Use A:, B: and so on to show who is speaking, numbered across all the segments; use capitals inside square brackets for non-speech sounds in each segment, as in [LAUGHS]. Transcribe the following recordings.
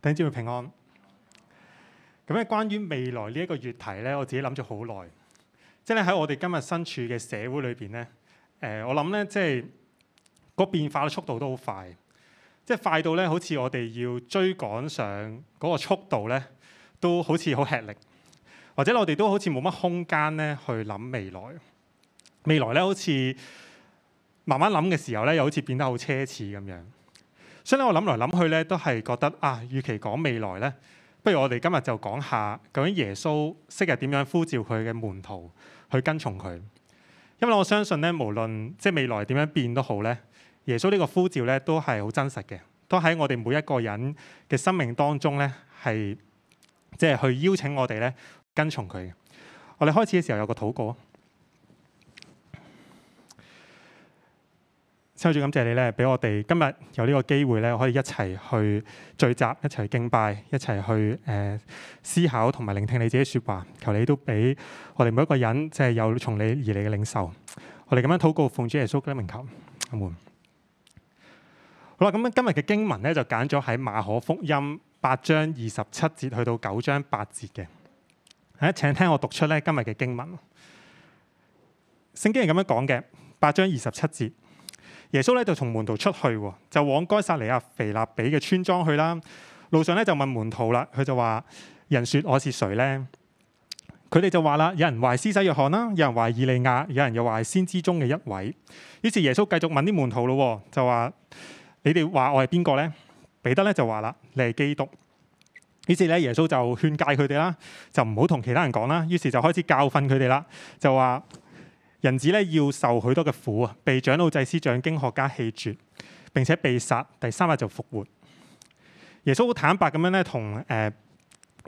A: 等姊妹平安。咁咧，關於未來呢一個月題咧，我自己諗咗好耐。即係咧，喺我哋今日身處嘅社會裏邊咧，誒、呃，我諗咧，即係個變化嘅速度都好快。即係快到咧，好似我哋要追趕上嗰個速度咧，都好似好吃力。或者我哋都好似冇乜空間咧去諗未來。未來咧，好似慢慢諗嘅時候咧，又好似變得好奢侈咁樣。所以我諗來諗去咧，都係覺得啊，與其講未來咧，不如我哋今日就講下究竟耶穌昔日點樣呼召佢嘅門徒去跟從佢。因為我相信咧，無論即係未來點樣變都好咧，耶穌呢個呼召咧都係好真實嘅，都喺我哋每一個人嘅生命當中咧係即係去邀請我哋咧跟從佢嘅。我哋開始嘅時候有個禱告。秋主，感謝你咧，俾我哋今日有呢個機會咧，可以一齊去聚集，一齊敬拜，一齊去誒、呃、思考同埋聆聽你自己說話。求你都俾我哋每一個人即係、就是、有從你而嚟嘅領袖。我哋咁樣禱告奉主耶穌基督名求，阿門、嗯。好啦，咁今日嘅經文咧就揀咗喺馬可福音八章二十七節去到九章八節嘅。誒，請聽我讀出咧今日嘅經文。聖經係咁樣講嘅，八章二十七節。耶穌咧就從門徒出去，就往該撒尼亞腓立比嘅村莊去啦。路上咧就問門徒啦，佢就話：人說我是誰咧？佢哋就話啦，有人懷施洗約翰啦，有人懷以利亞，有人又懷先知中嘅一位。於是耶穌繼續問啲門徒咯，就話：你哋話我係邊個咧？彼得咧就話啦：你係基督。於是咧耶穌就勸戒佢哋啦，就唔好同其他人講啦。於是就開始教訓佢哋啦，就話。人子咧要受許多嘅苦啊，被長老、祭司長、經學家棄絕，並且被殺，第三日就復活。耶穌好坦白咁樣咧，同、呃、誒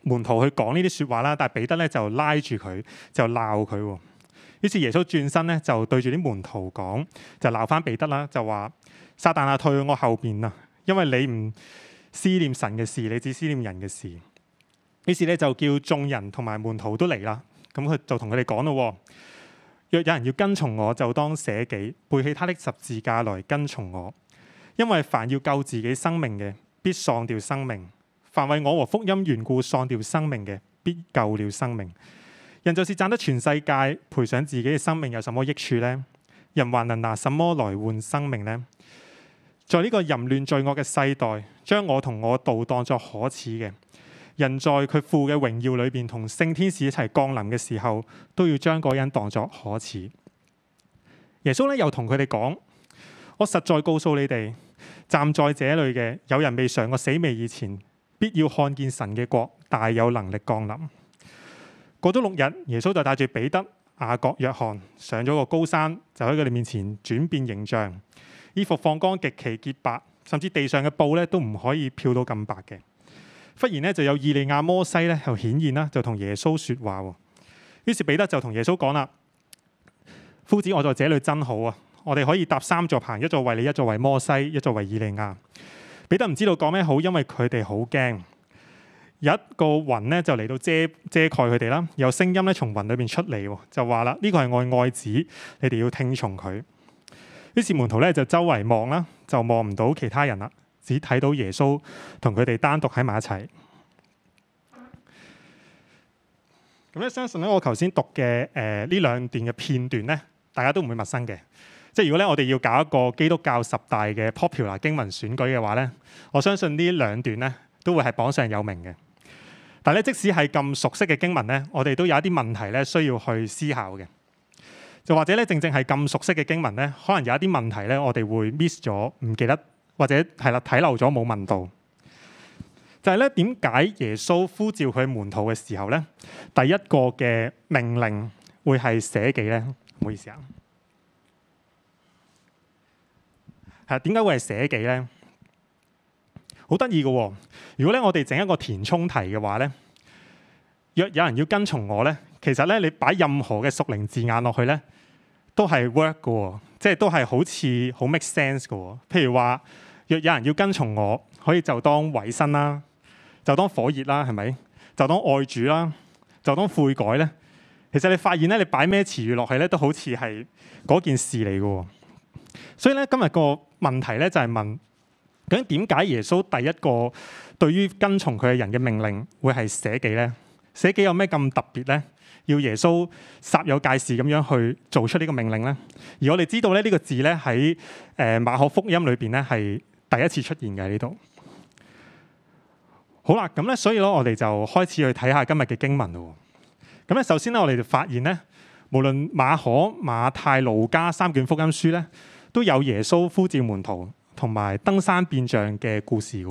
A: 門徒去講呢啲説話啦。但係彼得咧就拉住佢，就鬧佢。於是耶穌轉身咧，就對住啲門徒講，就鬧返彼得啦，就話，撒但啊，退去我後邊啊，因為你唔思念神嘅事，你只思念人嘅事。於是咧就叫眾人同埋門徒都嚟啦，咁佢就同佢哋講咯。若有人要跟從我，就當捨己，背起他的十字架來跟從我。因為凡要救自己生命嘅，必喪掉生命；凡為我和福音緣故喪掉生命嘅，必救了生命。人就是賺得全世界，賠上自己嘅生命有什麼益處呢？人還能拿什麼來換生命呢？在呢個淫亂罪惡嘅世代，將我同我道當作可恥嘅。人在佢父嘅榮耀裏邊同聖天使一齊降臨嘅時候，都要將嗰人當作可恥。耶穌咧又同佢哋講：，我實在告訴你哋，站在這裏嘅有人未嘗過死味以前，必要看見神嘅國大有能力降臨。過咗六日，耶穌就帶住彼得、雅各、約翰上咗個高山，就喺佢哋面前轉變形象，衣服放光，極其潔白，甚至地上嘅布咧都唔可以漂到咁白嘅。忽然咧，就有以利亞、摩西咧，又顯就顯現啦，就同耶穌說話。於是彼得就同耶穌講啦：，夫子，我在這裏真好啊！我哋可以搭三座棚，一座為你，一座為摩西，一座為以利亞。彼得唔知道講咩好，因為佢哋好驚。有一個雲咧就嚟到遮遮蓋佢哋啦，有聲音咧從雲裏邊出嚟，就話啦：呢、呢個係我愛，愛子，你哋要聽從佢。於是門徒咧就周圍望啦，就望唔到其他人啦。只睇到耶穌同佢哋單獨喺埋一齊。咁咧，相信咧，我頭先讀嘅誒呢兩段嘅片段咧，大家都唔會陌生嘅。即係如果咧，我哋要搞一個基督教十大嘅 popular 經文選舉嘅話咧，我相信呢兩段咧都會係榜上有名嘅。但係咧，即使係咁熟悉嘅經文咧，我哋都有一啲問題咧需要去思考嘅。就或者咧，正正係咁熟悉嘅經文咧，可能有一啲問題咧，我哋會 miss 咗，唔記得。或者係啦，睇漏咗冇問到，就係咧，點解耶穌呼召佢門徒嘅時候咧，第一個嘅命令會係捨己咧？唔好意思啊，係點解會係捨己咧？好得意嘅喎！如果咧我哋整一個填充題嘅話咧，若有人要跟從我咧，其實咧你擺任何嘅屬靈字眼落去咧，都係 work 㗎喎，即係都係好似好 make sense 㗎喎。譬如話。若有人要跟從我，可以就當委身啦，就當火熱啦，係咪？就當愛主啦，就當悔改咧。其實你發現咧，你擺咩詞語落去咧，都好似係嗰件事嚟嘅。所以咧，今日個問題咧就係問：究竟點解耶穌第一個對於跟從佢嘅人嘅命令會係捨己咧？捨己有咩咁特別咧？要耶穌煞有介事咁樣去做出呢個命令咧？而我哋知道咧，呢個字咧喺誒馬可福音裏邊咧係。第一次出現嘅呢度。好啦，咁咧，所以咧，我哋就開始去睇下今日嘅經文咯。咁咧，首先咧，我哋就發現咧，無論馬可、馬太、路加三卷福音書咧，都有耶穌呼召門徒同埋登山變像嘅故事噶。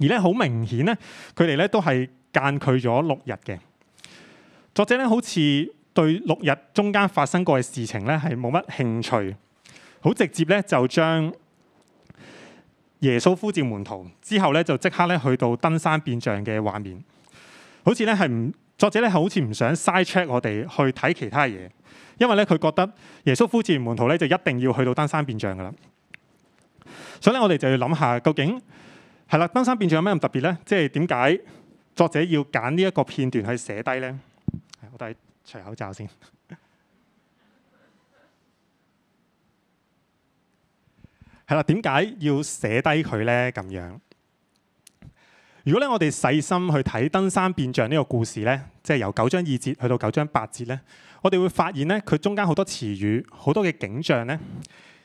A: 而咧，好明顯咧，佢哋咧都係間距咗六日嘅。作者咧，好似對六日中間發生過嘅事情咧，係冇乜興趣，好直接咧就將。耶穌呼召門徒之後咧，就即刻咧去到登山變像嘅畫面，好似咧係唔作者咧係好似唔想 sidetrack 我哋去睇其他嘢，因為咧佢覺得耶穌呼召門徒咧就一定要去到登山變像噶啦，所以咧我哋就要諗下究竟係啦，登山變像有咩咁特別咧？即係點解作者要揀呢一個片段去寫低咧？我都係除口罩先。係啦，點解要寫低佢咧？咁樣，如果咧我哋細心去睇登山變象呢個故事咧，即係由九章二節去到九章八節咧，我哋會發現咧，佢中間好多詞語、好多嘅景象咧，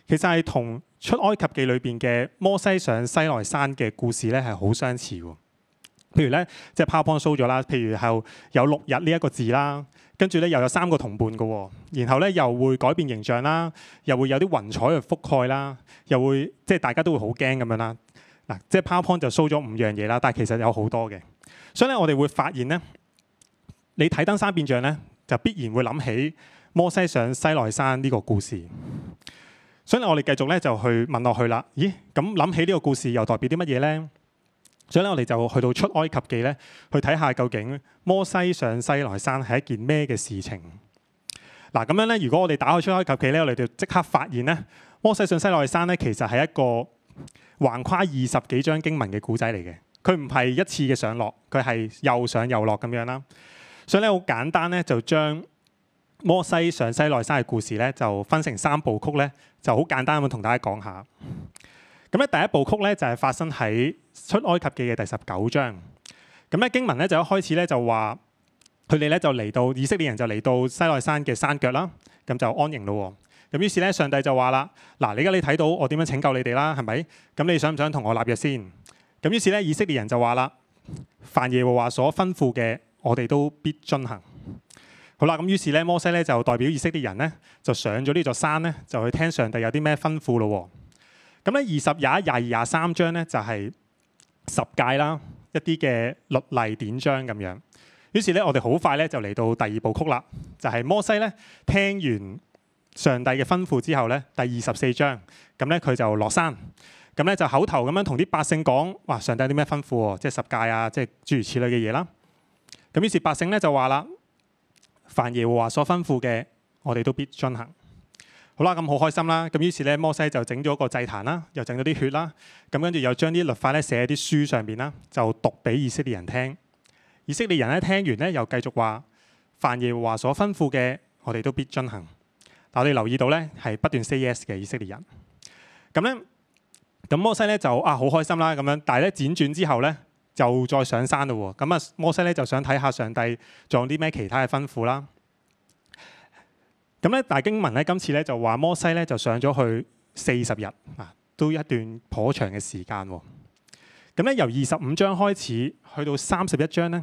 A: 其實係同出埃及記裏邊嘅摩西上西奈山嘅故事咧係好相似喎。譬如咧，即係 powerpoint show 咗啦，譬如有有六日呢一個字啦。跟住咧又有三個同伴嘅，然後咧又會改變形象啦，又會有啲雲彩去覆蓋啦，又會即係大家都會好驚咁樣啦。嗱，即係 PowerPoint 就 show 咗五樣嘢啦，但係其實有好多嘅。所以咧我哋會發現咧，你睇登山變像咧，就必然會諗起摩西上西奈山呢個故事。所以我哋繼續咧就去問落去啦。咦？咁諗起呢個故事又代表啲乜嘢咧？所以咧，我哋就去到出埃及記咧，去睇下究竟摩西上西奈山係一件咩嘅事情。嗱、啊，咁樣咧，如果我哋打開出埃及記咧，我哋就即刻發現咧，摩西上西奈山咧，其實係一個橫跨二十幾章經文嘅古仔嚟嘅。佢唔係一次嘅上落，佢係又上又落咁樣啦。所以咧，好簡單咧，就將摩西上西奈山嘅故事咧，就分成三部曲咧，就好簡單咁同大家講下。咁咧第一部曲咧就係、是、發生喺出埃及記嘅第十九章。咁咧經文咧就一開始咧就話，佢哋咧就嚟到以色列人就嚟到西奈山嘅山腳啦，咁就安營咯、哦。咁於是咧上帝就話啦：，嗱，你而家你睇到我點樣拯救你哋啦，係咪？咁你想唔想同我立約先？咁於是咧以色列人就話啦：，凡耶和華所吩咐嘅，我哋都必遵行。好啦，咁於是咧摩西咧就代表以色列人咧，就上咗呢座山咧，就去聽上帝有啲咩吩咐咯、哦。咁咧二十廿一廿二廿三章咧就係十戒啦，一啲嘅律例典章咁樣。於是咧，我哋好快咧就嚟到第二部曲啦，就係摩西咧聽完上帝嘅吩咐之後咧，第二十四章，咁咧佢就落山，咁咧就口頭咁樣同啲百姓講：，哇，上帝有啲咩吩咐喎？即係十戒啊，即係諸如此類嘅嘢啦。咁於是百姓咧就話啦：，凡耶和華所吩咐嘅，我哋都必進行。好啦，咁好開心啦。咁於是咧，摩西就整咗個祭壇啦，又整咗啲血啦。咁跟住又將啲律法咧寫喺啲書上面啦，就讀俾以色列人聽。以色列人咧聽完咧，又繼續話：「凡耶和華所吩咐嘅，我哋都必遵行。但係我哋留意到咧，係不斷 say yes 嘅以色列人。咁咧，咁摩西咧就啊好開心啦，咁樣。但係咧輾轉之後咧，就再上山嘞喎。咁啊，摩西咧就想睇下上帝仲有啲咩其他嘅吩咐啦。咁咧，大經文咧，今次咧就話摩西咧就上咗去四十日啊，都一段頗長嘅時間喎、哦。咁咧由二十五章開始，去到三十一章咧，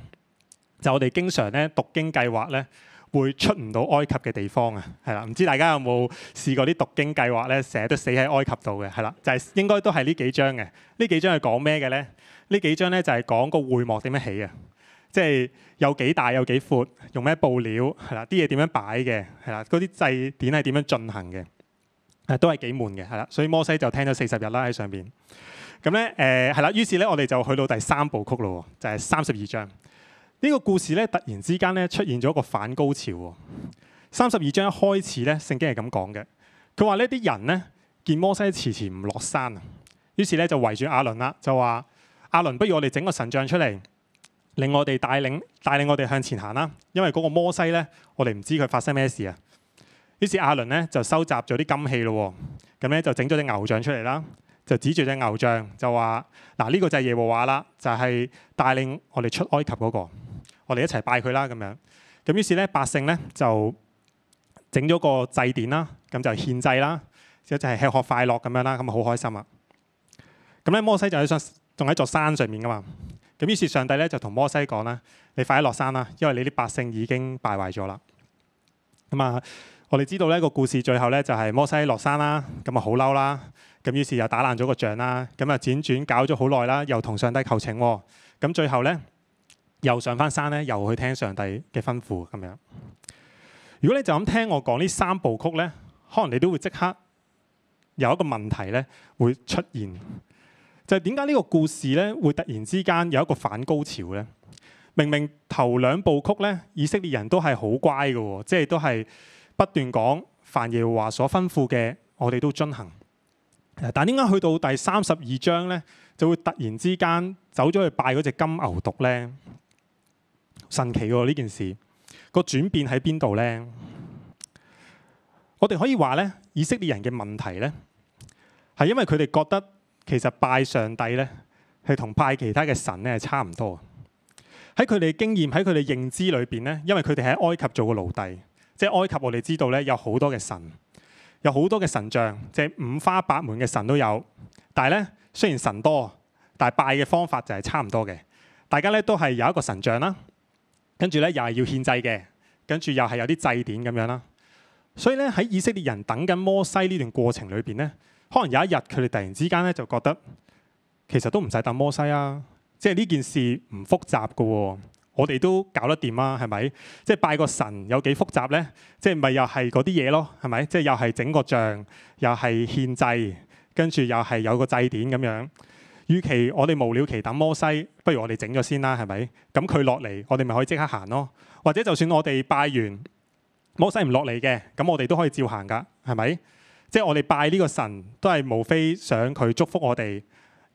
A: 就我哋經常咧讀經計劃咧會出唔到埃及嘅地方啊，係啦。唔知大家有冇試過啲讀經計劃咧，成日都死喺埃及度嘅？係啦，就係、是、應該都係呢幾章嘅。呢幾章係講咩嘅咧？呢幾章咧就係、是、講個會幕點樣起啊。即係有幾大有幾闊，用咩布料係啦？啲嘢點樣擺嘅係啦？嗰啲祭典係點樣進行嘅？係都係幾悶嘅係啦。所以摩西就聽咗四十日啦喺上邊。咁咧誒係啦。於是咧我哋就去到第三部曲啦，就係三十二章。呢個故事咧突然之間咧出現咗個反高潮喎。三十二章一開始咧聖經係咁講嘅。佢話呢啲人咧見摩西遲遲唔落山，於是咧就圍住亞倫啦，就話亞倫，不如我哋整個神像出嚟。令我哋帶領帶領我哋向前行啦，因為嗰個摩西咧，我哋唔知佢發生咩事啊。於是亞倫咧就收集咗啲金器咯，咁咧就整咗隻牛像出嚟啦，就指住隻牛像就話：嗱，呢個就係耶和華啦，就係帶領我哋出埃及嗰個，我哋一齊拜佢啦咁樣。咁於是咧百姓咧就整咗個祭典啦，咁就獻祭啦，就係吃喝快樂咁樣啦，咁啊好開心啊。咁咧摩西就喺上仲喺座山上面㗎嘛。咁於是上帝咧就同摩西講啦：你快啲落山啦，因為你啲百姓已經敗壞咗啦。咁啊，我哋知道呢個故事最後咧就係摩西落山啦。咁啊好嬲啦。咁於是又打爛咗個像啦。咁啊輾轉搞咗好耐啦，又同上帝求情喎。咁最後咧又上返山咧，又去聽上帝嘅吩咐咁樣。如果你就咁聽我講呢三部曲咧，可能你都會即刻有一個問題咧會出現。就點解呢個故事咧，會突然之間有一個反高潮咧？明明頭兩部曲咧，以色列人都係好乖嘅喎，即係都係不斷講凡耶和華所吩咐嘅，我哋都遵行。但點解去到第三十二章咧，就會突然之間走咗去拜嗰隻金牛犢咧？神奇喎呢件事，個轉變喺邊度咧？我哋可以話咧，以色列人嘅問題咧，係因為佢哋覺得。其實拜上帝咧，係同拜其他嘅神咧係差唔多嘅。喺佢哋經驗、喺佢哋認知裏邊咧，因為佢哋喺埃及做過奴隸，即係埃及我哋知道咧有好多嘅神，有好多嘅神像，即係五花八門嘅神都有。但係咧，雖然神多，但係拜嘅方法就係差唔多嘅。大家咧都係有一個神像啦，跟住咧又係要獻祭嘅，跟住又係有啲祭典咁樣啦。所以咧喺以色列人等緊摩西呢段過程裏邊咧。可能有一日佢哋突然之間咧就覺得，其實都唔使等摩西啊，即係呢件事唔複雜㗎喎，哦，我哋都搞得掂啊，係咪？即係拜個神有幾複雜咧？即係咪又係嗰啲嘢咯？係咪？即係又係整個像，又係獻祭，跟住又係有個祭典咁樣。與其我哋無了期等摩西，不如我哋整咗先啦，啊，係咪？咁佢落嚟，我哋咪可以即刻行咯。或者就算我哋拜完，摩西唔落嚟嘅，咁我哋都可以照行㗎，係咪？即係我哋拜呢個神，都係無非想佢祝福我哋，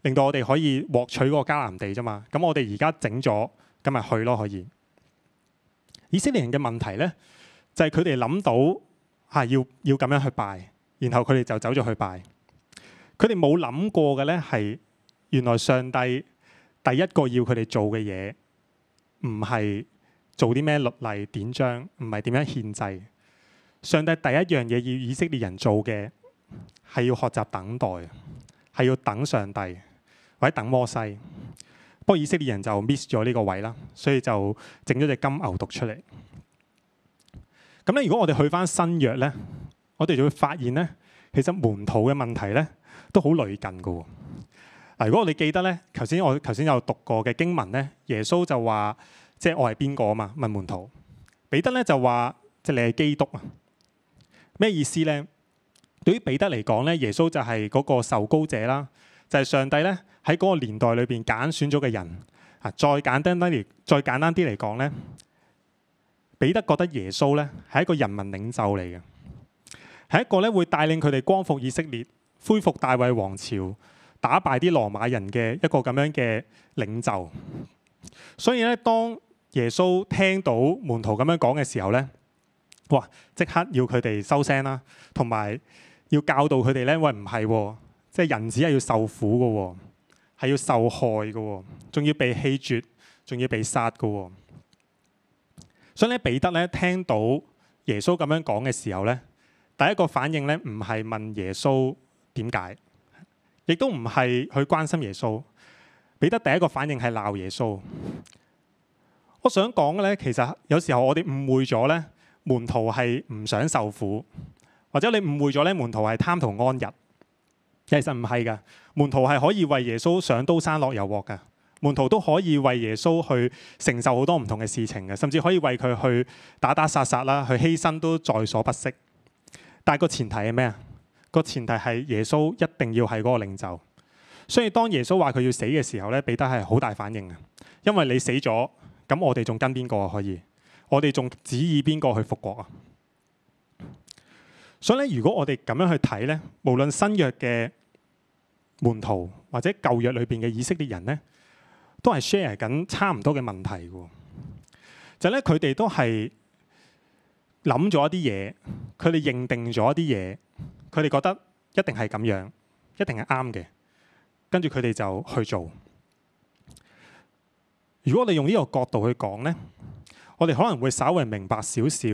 A: 令到我哋可以獲取嗰個迦南地啫嘛。咁我哋而家整咗，咁咪去咯可以。以色列人嘅問題呢，就係佢哋諗到係、啊、要要咁樣去拜，然後佢哋就走咗去拜。佢哋冇諗過嘅呢，係，原來上帝第一個要佢哋做嘅嘢，唔係做啲咩律例典章，唔係點樣獻祭。上帝第一樣嘢要以色列人做嘅係要學習等待，係要等上帝，或者等摩西。不過以色列人就 miss 咗呢個位啦，所以就整咗隻金牛犢出嚟。咁咧，如果我哋去翻新約咧，我哋就會發現咧，其實門徒嘅問題咧都好類近噶。嗱，如果我哋記得咧，頭先我頭先有讀過嘅經文咧，耶穌就話：即係我係邊個啊？嘛，問門徒。彼得咧就話：即係你係基督啊！咩意思呢？對於彼得嚟講咧，耶穌就係嗰個受膏者啦，就係上帝咧喺嗰個年代裏邊揀選咗嘅人啊！再簡單啲，再簡單啲嚟講咧，彼得覺得耶穌咧係一個人民領袖嚟嘅，係一個咧會帶領佢哋光復以色列、恢復大衛王朝、打敗啲羅馬人嘅一個咁樣嘅領袖。所以咧，當耶穌聽到門徒咁樣講嘅時候咧，哇！即刻要佢哋收聲啦，同埋要教導佢哋咧。喂，唔係喎，即係人子係要受苦嘅、哦，係要受害嘅、哦，仲要被棄絕，仲要被殺嘅、哦。所以咧，彼得咧聽到耶穌咁樣講嘅時候咧，第一個反應咧唔係問耶穌點解，亦都唔係去關心耶穌。彼得第一個反應係鬧耶穌。我想講嘅咧，其實有時候我哋誤會咗咧。門徒係唔想受苦，或者你誤會咗咧，門徒係貪圖安逸，其實唔係㗎。門徒係可以為耶穌上刀山落油鑊㗎，門徒都可以為耶穌去承受好多唔同嘅事情嘅，甚至可以為佢去打打殺殺啦，去犧牲都在所不惜。但係個前提係咩啊？個前提係耶穌一定要係嗰個領袖。所以當耶穌話佢要死嘅時候咧，彼得係好大反應嘅，因為你死咗，咁我哋仲跟邊個呀可以？我哋仲指意邊個去復國啊？所以咧，如果我哋咁樣去睇咧，無論新約嘅門徒或者舊約裏邊嘅以色列人咧，都係 share 緊差唔多嘅問題嘅。就係咧，佢哋都係諗咗一啲嘢，佢哋認定咗一啲嘢，佢哋覺得一定係咁樣，一定係啱嘅，跟住佢哋就去做。如果你用呢個角度去講咧，我哋可能會稍微明白少少，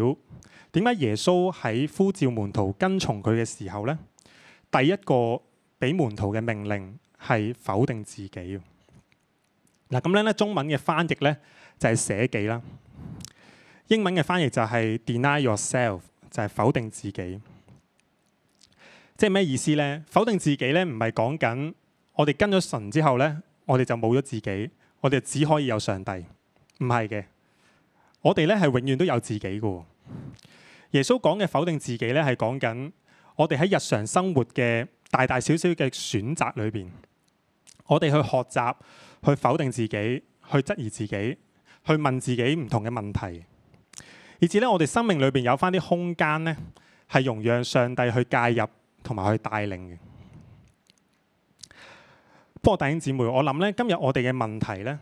A: 點解耶穌喺呼召門徒跟從佢嘅時候咧，第一個俾門徒嘅命令係否定自己。嗱，咁咧咧，中文嘅翻譯咧就係捨己啦，英文嘅翻譯就係 deny yourself，就係否定自己。即係咩意思咧？否定自己咧，唔係講緊我哋跟咗神之後咧，我哋就冇咗自己，我哋只可以有上帝。唔係嘅。我哋咧係永遠都有自己噶。耶穌講嘅否定自己咧，係講緊我哋喺日常生活嘅大大小小嘅選擇裏邊，我哋去學習去否定自己，去質疑自己，去問自己唔同嘅問題，以至咧我哋生命裏邊有翻啲空間咧，係容讓上帝去介入同埋去帶領嘅。不過弟兄姊妹，我諗咧今日我哋嘅問題咧，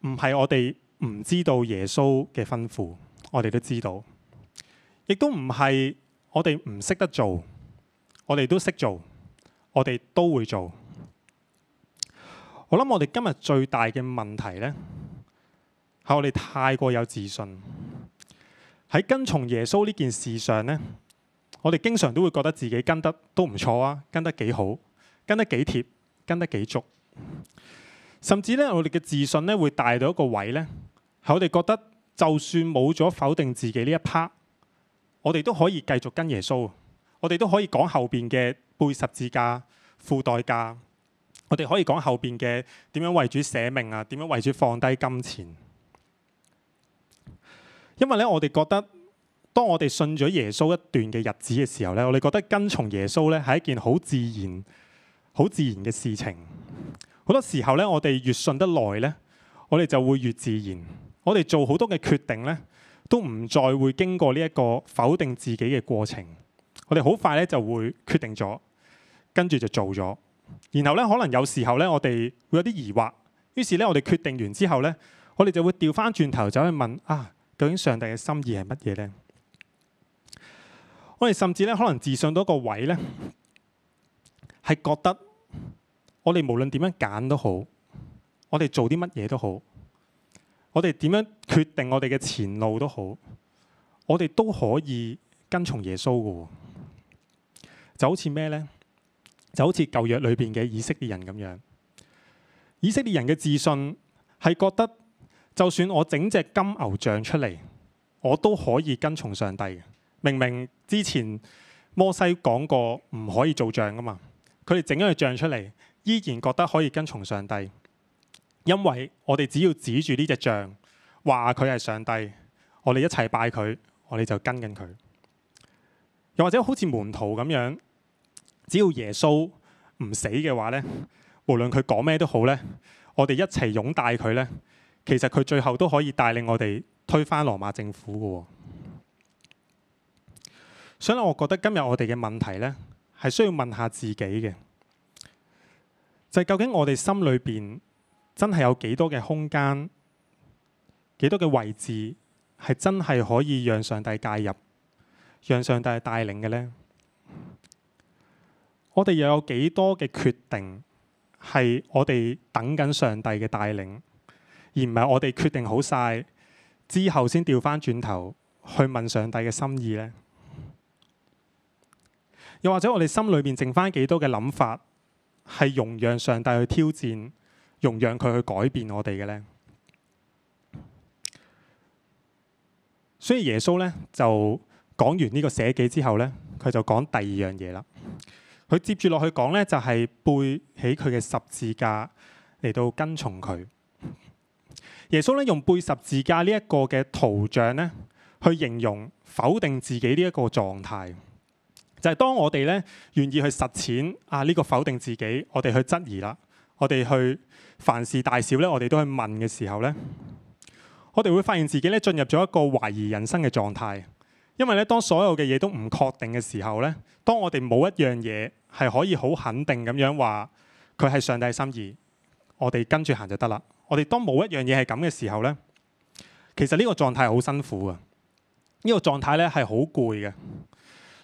A: 唔係我哋。唔知道耶穌嘅吩咐，我哋都知道，亦都唔係我哋唔識得做，我哋都識做，我哋都會做。我諗我哋今日最大嘅問題呢，係我哋太過有自信，喺跟從耶穌呢件事上呢，我哋經常都會覺得自己跟得都唔錯啊，跟得幾好，跟得幾貼，跟得幾足，甚至呢，我哋嘅自信呢，會大到一個位呢。係我哋覺得，就算冇咗否定自己呢一 part，我哋都可以繼續跟耶穌。我哋都可以講後邊嘅背十字架、付代價。我哋可以講後邊嘅點樣為主捨命啊，點樣為主放低金錢。因為咧，我哋覺得，當我哋信咗耶穌一段嘅日子嘅時候咧，我哋覺得跟從耶穌咧係一件好自然、好自然嘅事情。好多時候咧，我哋越信得耐咧，我哋就會越自然。我哋做好多嘅決定呢，都唔再會經過呢一個否定自己嘅過程。我哋好快呢就會決定咗，跟住就做咗。然後呢，可能有時候呢，我哋會有啲疑惑。於是呢，我哋決定完之後呢，我哋就會調翻轉頭走去問啊，究竟上帝嘅心意係乜嘢呢？我哋甚至呢，可能自信到個位呢，係覺得我哋無論點樣揀都好，我哋做啲乜嘢都好。我哋點樣決定我哋嘅前路都好，我哋都可以跟從耶穌嘅喎，就好似咩呢？就好似舊約裏邊嘅以色列人咁樣，以色列人嘅自信係覺得，就算我整隻金牛像出嚟，我都可以跟從上帝嘅。明明之前摩西講過唔可以做像啊嘛，佢哋整咗個像出嚟，依然覺得可以跟從上帝。因為我哋只要指住呢隻像，話佢係上帝，我哋一齊拜佢，我哋就跟緊佢。又或者好似門徒咁樣，只要耶穌唔死嘅話呢，無論佢講咩都好呢，我哋一齊擁戴佢呢，其實佢最後都可以帶領我哋推翻羅馬政府嘅喎。所以我覺得今日我哋嘅問題呢，係需要問下自己嘅，就係究竟我哋心裏邊，真係有幾多嘅空間，幾多嘅位置係真係可以讓上帝介入，讓上帝帶領嘅呢？我哋又有幾多嘅決定係我哋等緊上帝嘅帶領，而唔係我哋決定好晒之後先調翻轉頭去問上帝嘅心意呢？又或者我哋心裏邊剩翻幾多嘅諗法係容讓上帝去挑戰？容讓佢去改變我哋嘅咧，所以耶穌咧就講完呢個捨己之後咧，佢就講第二樣嘢啦。佢接住落去講咧，就係、是、背起佢嘅十字架嚟到跟從佢。耶穌咧用背十字架呢一個嘅圖像咧，去形容否定自己呢一個狀態。就係、是、當我哋咧願意去實踐啊呢、這個否定自己，我哋去質疑啦，我哋去。凡事大小咧，我哋都去問嘅時候咧，我哋會發現自己咧進入咗一個懷疑人生嘅狀態。因為咧，當所有嘅嘢都唔確定嘅時候咧，當我哋冇一樣嘢係可以好肯定咁樣話佢係上帝心意，我哋跟住行就得啦。我哋當冇一樣嘢係咁嘅時候咧，其實呢個狀態好辛苦啊！呢個狀態咧係好攰嘅，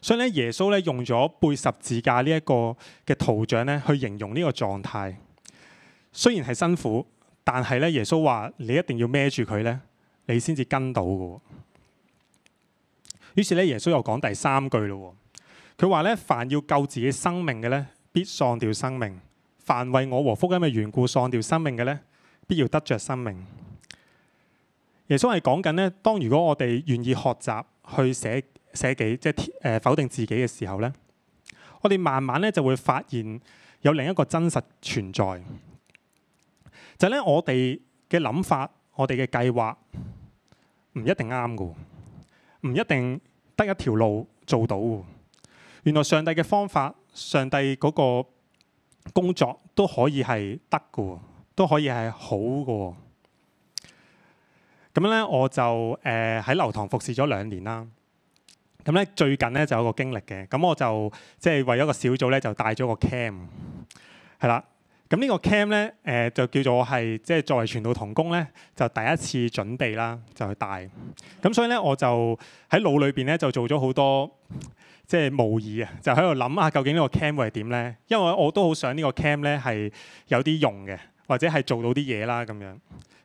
A: 所以咧耶穌咧用咗背十字架呢一個嘅圖像咧去形容呢個狀態。雖然係辛苦，但係咧，耶穌話你一定要孭住佢咧，你先至跟到噶。於是咧，耶穌又講第三句咯。佢話咧，凡要救自己生命嘅咧，必喪掉生命；凡為我和福音嘅緣故喪掉生命嘅咧，必要得着生命。耶穌係講緊咧，當如果我哋願意學習去捨捨己，即係誒否定自己嘅時候咧，我哋慢慢咧就會發現有另一個真實存在。就咧，我哋嘅諗法，我哋嘅計劃唔一定啱嘅，唔一定得一條路做到嘅。原來上帝嘅方法，上帝嗰個工作都可以係得嘅，都可以係好嘅。咁咧，我就誒喺流堂服侍咗兩年啦。咁咧，最近咧就有個經歷嘅，咁我就即係、就是、為咗個小組咧就帶咗個 cam 係啦。咁呢個 cam 咧，誒、呃、就叫做我係即係作為傳道同工咧，就第一次準備啦，就去帶。咁所以咧，我就喺腦裏邊咧就做咗好多即係模擬啊，就喺度諗下究竟呢個 cam 會係點咧？因為我都好想呢個 cam 咧係有啲用嘅，或者係做到啲嘢啦咁樣。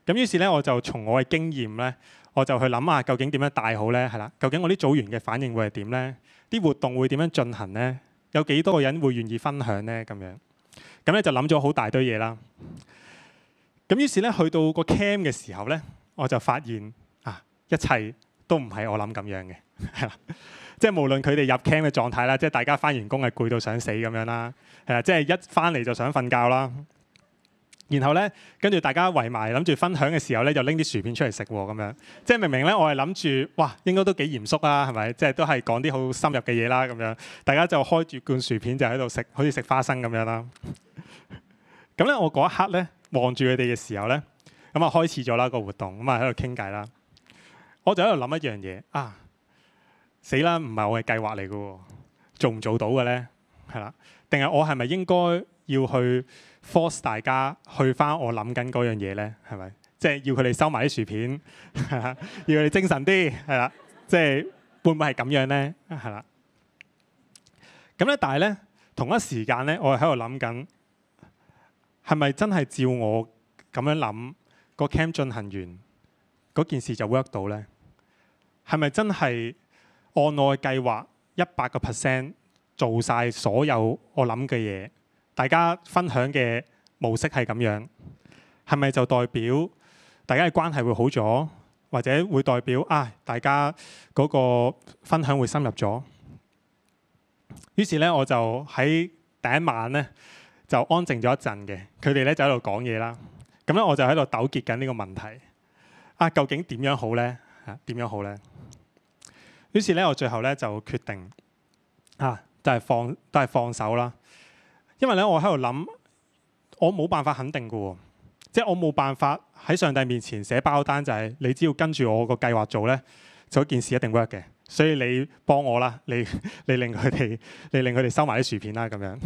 A: 咁於是咧，我就從我嘅經驗咧，我就去諗下究竟點樣帶好咧？係啦，究竟我啲組員嘅反應會係點咧？啲活動會點樣進行咧？有幾多個人會願意分享咧？咁樣。咁咧就諗咗好大堆嘢啦。咁於是咧去到個 cam 嘅時候咧，我就發現啊，一切都唔係我諗咁樣嘅。 [LAUGHS] 即係無論佢哋入 cam 嘅狀態啦，即係大家翻完工係攰到想死咁樣啦，係啊，即係一翻嚟就想瞓覺啦。然後咧，跟住大家圍埋，諗住分享嘅時候咧，就拎啲薯片出嚟食喎，咁樣即係明明咧，我係諗住，哇，應該都幾嚴肅啊，係咪？即係都係講啲好深入嘅嘢啦，咁樣大家就開住罐薯片就喺度食，好似食花生咁樣啦。咁咧，我嗰一刻咧望住佢哋嘅時候咧，咁啊開始咗啦個活動，咁啊喺度傾偈啦。我就喺度諗一樣嘢啊，死啦，唔係我嘅計劃嚟噶喎，做唔做到嘅咧？係啦，定係我係咪應該？要去 force 大家去翻我諗緊嗰樣嘢呢，係咪？即係要佢哋收埋啲薯片， [LAUGHS] 要佢哋精神啲係啦。即係會唔會係咁樣呢？係啦。咁咧，但係呢，同一時間呢，我又喺度諗緊係咪真係照我咁樣諗個 camp 進行完嗰件事就 work 到呢？係咪真係按我嘅計劃一百個 percent 做晒所有我諗嘅嘢？大家分享嘅模式係咁樣，係咪就代表大家嘅關係會好咗，或者會代表啊，大家嗰個分享會深入咗？於是咧，我就喺第一晚咧就安靜咗一陣嘅。佢哋咧就喺度講嘢啦。咁咧我就喺度糾結緊呢個問題啊，究竟點樣好咧？嚇、啊、點樣好咧？於是咧，我最後咧就決定啊，都係放都係放手啦。因為咧，我喺度諗，我冇辦法肯定嘅喎，即係我冇辦法喺上帝面前寫包單，就是，就係你只要跟住我個計劃做咧，做一件事一定 WORK 嘅。所以你幫我啦，你你令佢哋，你令佢哋收埋啲薯片啦，咁樣，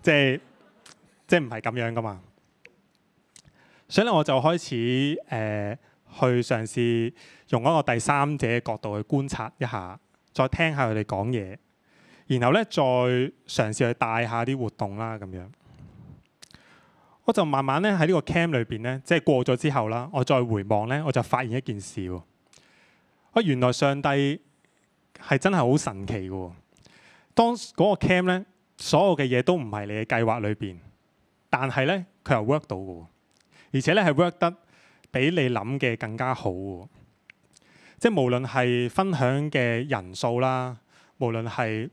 A: 即係即係唔係咁樣噶嘛？所以咧，我就開始誒、呃、去嘗試用一個第三者角度去觀察一下，再聽下佢哋講嘢。然後咧，再嘗試去帶下啲活動啦，咁樣。我就慢慢咧喺呢個 camp 裏邊咧，即係過咗之後啦，我再回望咧，我就發現一件事喎。原來上帝係真係好神奇嘅。當時嗰個 camp 咧，所有嘅嘢都唔係你嘅計劃裏邊，但係咧，佢又 work 到嘅，而且咧係 work 得比你諗嘅更加好嘅。即係無論係分享嘅人數啦，無論係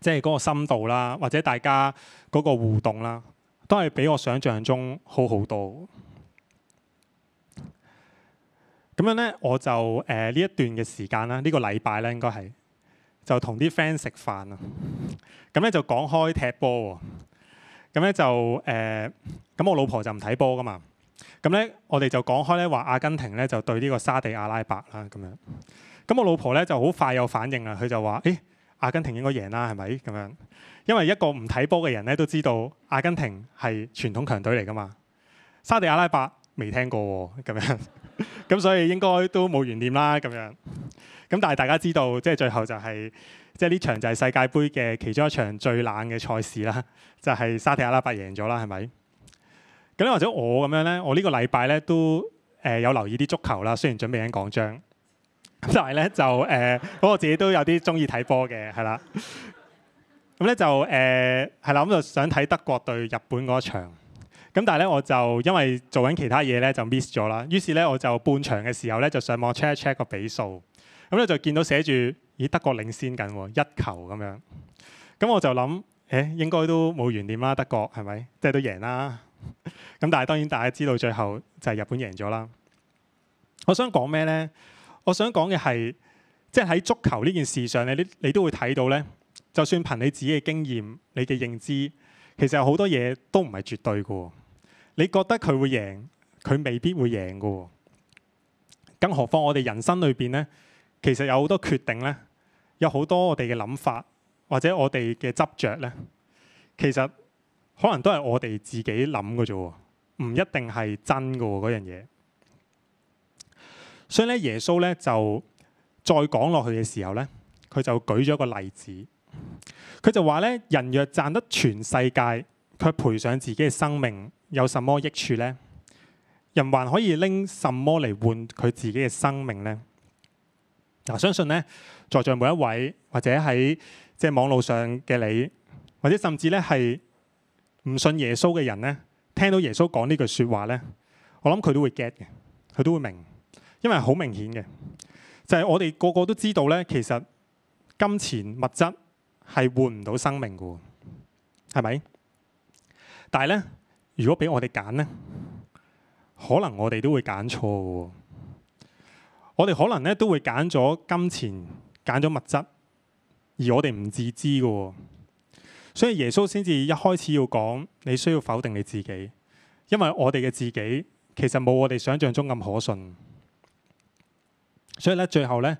A: 即係嗰個深度啦，或者大家嗰個互動啦，都係比我想象中好好多。咁樣咧，我就誒呢、呃、一段嘅時間啦，這個、禮呢個禮拜咧應該係就同啲 friend 食飯啊。咁咧就講開踢波喎。咁咧就誒，咁、呃、我老婆就唔睇波噶嘛。咁咧我哋就講開咧話阿根廷咧就對呢個沙地阿拉伯啦咁樣。咁我老婆咧就好快有反應啦，佢就話：，誒。阿根廷應該贏啦，係咪咁樣？因為一個唔睇波嘅人咧，都知道阿根廷係傳統強隊嚟噶嘛。沙地阿拉伯未聽過喎、哦，咁樣，咁、 [LAUGHS] 嗯、所以應該都冇懸念啦，咁樣。咁但係大家知道，即係最後就係、是，即係呢場就係世界盃嘅其中一場最冷嘅賽事啦，就係、是、沙地阿拉伯贏咗啦，係咪？咁或者我咁樣呢？我呢個禮拜呢，都誒、呃、有留意啲足球啦，雖然準備緊講章。就係咧，就誒，咁、呃、我自己都有啲中意睇波嘅，係啦。咁 [LAUGHS] 咧就誒係啦，咁、呃、就想睇德國對日本嗰場。咁但係咧，我就因為做緊其他嘢咧，就 miss 咗啦。於是咧，我就半場嘅時候咧，就上網 check 一 check 個比數。咁、嗯、咧就見到寫住咦德國領先緊一球咁樣。咁、嗯、我就諗誒，應該都冇懸念啦，德國係咪？即係都贏啦。咁但係當然大家知道最後就係日本贏咗啦。我想講咩咧？我想講嘅係，即係喺足球呢件事上，你你都會睇到咧。就算憑你自己嘅經驗、你嘅認知，其實有好多嘢都唔係絕對㗎喎。你覺得佢會贏，佢未必會贏㗎喎。更何況我哋人生裏面咧，其實有好多決定咧，有好多我哋嘅諗法或者我哋嘅執着咧，其實可能都係我哋自己諗㗎啫喎，唔一定係真㗎喎，嗰樣嘢。所以咧，耶穌咧就再講落去嘅時候咧，佢就舉咗一個例子。佢就話咧：人若賺得全世界，卻賠上自己嘅生命，有什麼益處呢？人還可以拎什麼嚟換佢自己嘅生命呢？嗱、啊，相信咧，在座每一位或者喺即係網絡上嘅你，或者甚至咧係唔信耶穌嘅人咧，聽到耶穌講呢句説話咧，我諗佢都會 get 嘅，佢都會明。因為好明顯嘅，就係、是、我哋個個都知道咧。其實金錢物質係換唔到生命噶，係咪？但係咧，如果俾我哋揀咧，可能我哋都會揀錯噶。我哋可能咧都會揀咗金錢，揀咗物質，而我哋唔自知噶。所以耶穌先至一開始要講，你需要否定你自己，因為我哋嘅自己其實冇我哋想象中咁可信。所以咧，最後咧，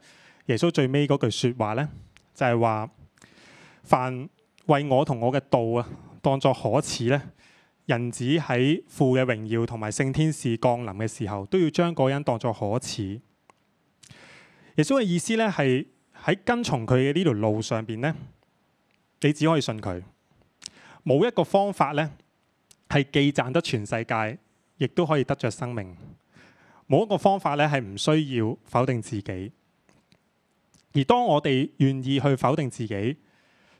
A: 耶穌最尾嗰句説話咧，就係話：凡為我同我嘅道啊，當作可恥咧。人子喺父嘅榮耀同埋聖天使降臨嘅時候，都要將嗰人當作可恥。耶穌嘅意思咧，係喺跟從佢嘅呢條路上邊咧，你只可以信佢。冇一個方法咧，係既賺得全世界，亦都可以得着生命。冇一個方法咧，係唔需要否定自己，而當我哋願意去否定自己，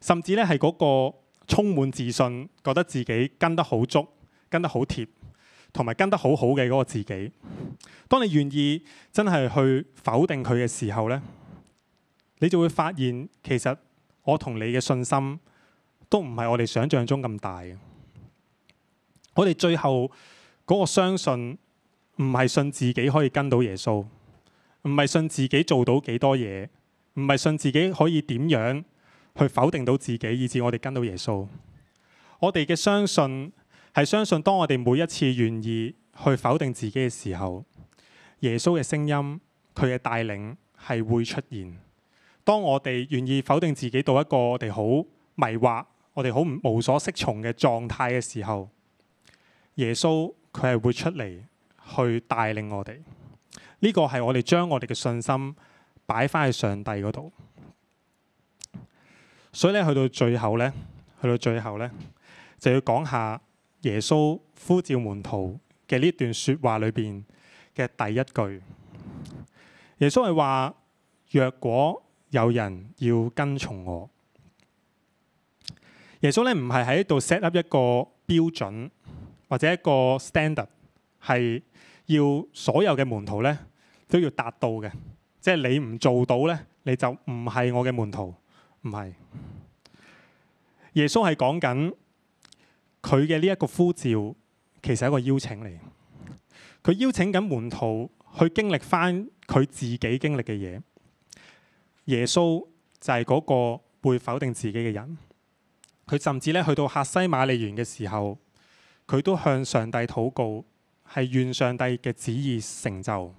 A: 甚至咧係嗰個充滿自信，覺得自己跟得好足、跟得好貼、同埋跟得好好嘅嗰個自己，當你願意真係去否定佢嘅時候咧，你就會發現其實我同你嘅信心都唔係我哋想像中咁大嘅，我哋最後嗰個相信。唔係信自己可以跟到耶穌，唔係信自己做到幾多嘢，唔係信自己可以點樣去否定到自己，以至我哋跟到耶穌。我哋嘅相信係相信，相信當我哋每一次願意去否定自己嘅時候，耶穌嘅聲音，佢嘅帶領係會出現。當我哋願意否定自己到一個我哋好迷惑、我哋好唔無所適從嘅狀態嘅時候，耶穌佢係會出嚟。去帶領我哋，呢個係我哋將我哋嘅信心擺翻喺上帝嗰度。所以咧，去到最後咧，去到最後咧，就要講下耶穌呼召門徒嘅呢段説話裏邊嘅第一句。耶穌係話：若果有人要跟從我，耶穌咧唔係喺度 set up 一個標準或者一個 standard 係。要所有嘅門徒呢都要達到嘅，即係你唔做到呢，你就唔係我嘅門徒，唔係。耶穌係講緊佢嘅呢一個呼召，其實係一個邀請嚟。佢邀請緊門徒去經歷翻佢自己經歷嘅嘢。耶穌就係嗰個會否定自己嘅人。佢甚至咧去到客西馬尼園嘅時候，佢都向上帝禱告。係願上帝嘅旨意成就，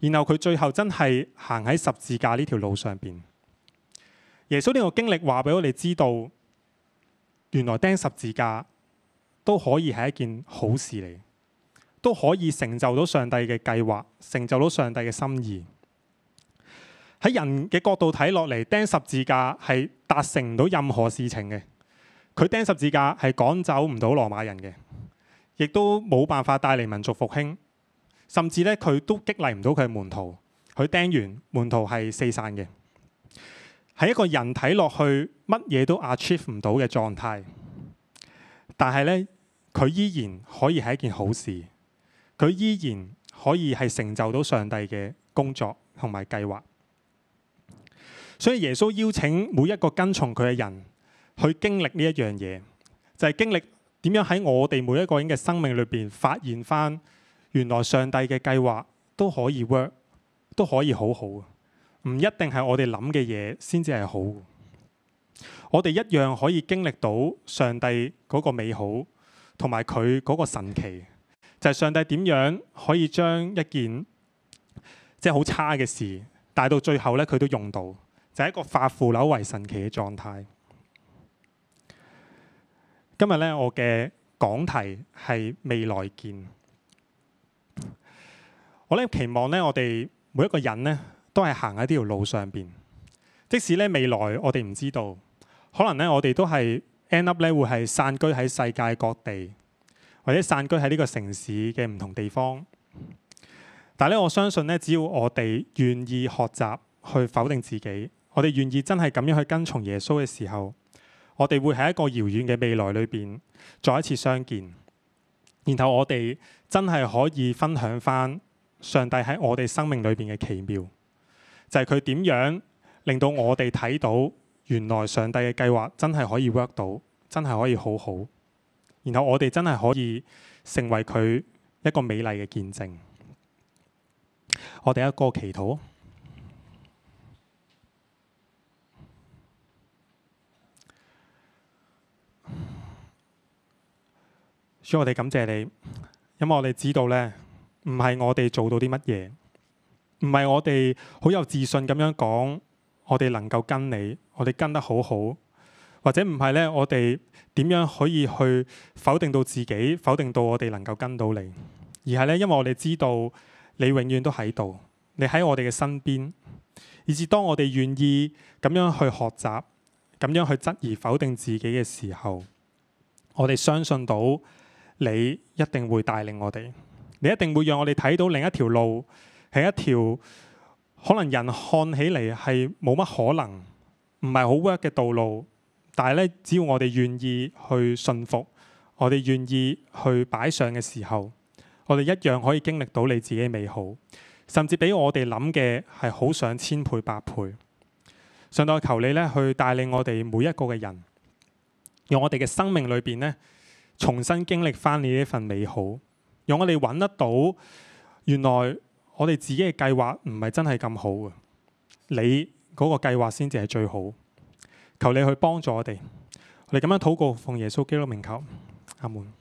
A: 然後佢最後真係行喺十字架呢條路上邊。耶穌呢個經歷話俾我哋知道，原來釘十字架都可以係一件好事嚟，都可以成就到上帝嘅計劃，成就到上帝嘅心意。喺人嘅角度睇落嚟，釘十字架係達成唔到任何事情嘅。佢釘十字架係趕走唔到羅馬人嘅。亦都冇辦法帶嚟民族復興，甚至咧佢都激勵唔到佢嘅門徒，佢釘完門徒係四散嘅，係一個人睇落去乜嘢都 achieve 唔到嘅狀態。但係咧，佢依然可以係一件好事，佢依然可以係成就到上帝嘅工作同埋計劃。所以耶穌邀請每一個跟從佢嘅人去經歷呢一樣嘢，就係、是、經歷。點樣喺我哋每一個人嘅生命裏邊發現翻，原來上帝嘅計劃都可以 work，都可以好好。唔一定係我哋諗嘅嘢先至係好，我哋一樣可以經歷到上帝嗰個美好同埋佢嗰個神奇，就係上帝點樣可以將一件即係好差嘅事，帶到最後咧佢都用到，就係一個化腐朽為神奇嘅狀態。今日咧，我嘅講題係未來見。我咧期望咧，我哋每一個人咧，都係行喺呢條路上邊。即使咧未來我哋唔知道，可能咧我哋都係 end up 咧會係散居喺世界各地，或者散居喺呢個城市嘅唔同地方。但係咧，我相信咧，只要我哋願意學習去否定自己，我哋願意真係咁樣去跟從耶穌嘅時候。我哋會喺一個遙遠嘅未來裏邊再一次相見，然後我哋真係可以分享返上帝喺我哋生命裏邊嘅奇妙，就係佢點樣令到我哋睇到原來上帝嘅計劃真係可以 work 到，真係可以好好，然後我哋真係可以成為佢一個美麗嘅見證。我哋一個祈禱。所以我哋感謝你，因為我哋知道咧，唔係我哋做到啲乜嘢，唔係我哋好有自信咁樣講，我哋能夠跟你，我哋跟得好好，或者唔係咧，我哋點樣可以去否定到自己，否定到我哋能夠跟到你，而係咧，因為我哋知道你永遠都喺度，你喺我哋嘅身邊，以至當我哋願意咁樣去學習，咁樣去質疑否定自己嘅時候，我哋相信到。你一定會帶領我哋，你一定會讓我哋睇到另一條路，係一條可能人看起嚟係冇乜可能，唔係好 work 嘅道路，但係咧，只要我哋願意去信服，我哋願意去擺上嘅時候，我哋一樣可以經歷到你自己美好，甚至比我哋諗嘅係好上千倍百倍。上帝求你咧，去帶領我哋每一個嘅人，用我哋嘅生命裏邊呢。重新經歷翻你呢份美好，讓我哋揾得到原來我哋自己嘅計劃唔係真係咁好嘅，你嗰個計劃先至係最好。求你去幫助我哋，我哋噉樣禱告奉耶穌基督名求，阿門。